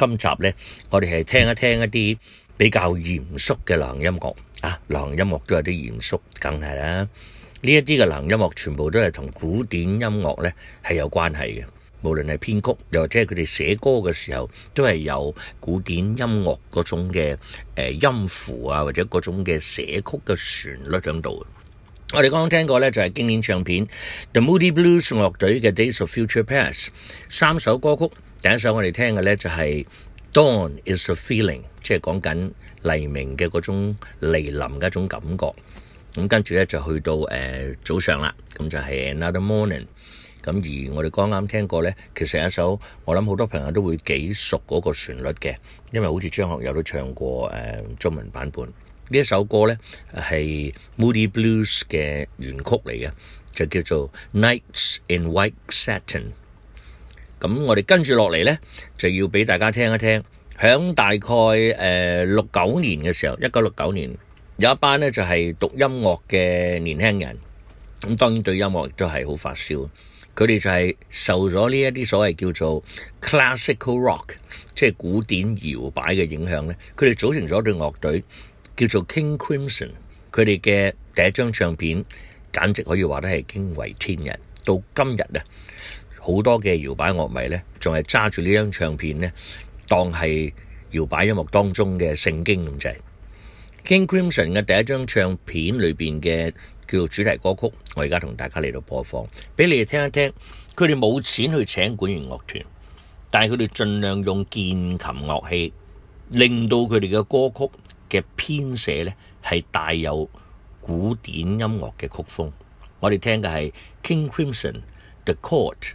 今集呢，我哋係聽一聽一啲比較嚴肅嘅流行音樂啊！流行音樂都有啲嚴肅，梗係啦。呢一啲嘅流行音樂全部都係同古典音樂呢係有關係嘅，無論係編曲又或者係佢哋寫歌嘅時候，都係有古典音樂嗰種嘅誒、呃、音符啊，或者嗰種嘅寫曲嘅旋律喺度。我哋剛剛聽過呢，就係經典唱片 The Moody Blues 樂隊嘅 Days of Future Past 三首歌曲。第一首我哋聽嘅咧就係 Dawn is a feeling，即係講緊黎明嘅嗰種嚟臨嘅一種感覺。咁、嗯、跟住咧就去到、呃、早上啦，咁就係 Another Morning。咁、嗯、而我哋剛啱聽過咧，其實一首我諗好多朋友都會幾熟嗰個旋律嘅，因為好似張學友都唱過、呃、中文版本。呢一首歌咧係 Moody Blues 嘅原曲嚟嘅，就叫做 Nights in White Satin。咁我哋跟住落嚟呢，就要俾大家聽一聽。響大概誒六九年嘅時候，一九六九年，有一班呢就係、是、讀音樂嘅年輕人，咁當然對音樂亦都係好發燒。佢哋就係受咗呢一啲所謂叫做 classical rock，即係古典搖擺嘅影響呢。佢哋組成咗隊樂隊，叫做 King Crimson。佢哋嘅第一張唱片，簡直可以話得係驚為天人。到今日啊，好多嘅搖擺樂迷咧，仲係揸住呢張唱片咧，當係搖擺音樂當中嘅聖經咁滯。King Crimson 嘅第一張唱片裏邊嘅叫做主題歌曲，我而家同大家嚟到播放，俾你哋聽一聽。佢哋冇錢去請管弦樂團，但係佢哋盡量用鍵琴樂器，令到佢哋嘅歌曲嘅編寫咧係帶有古典音樂嘅曲風。我哋聽嘅係 King Crimson The Court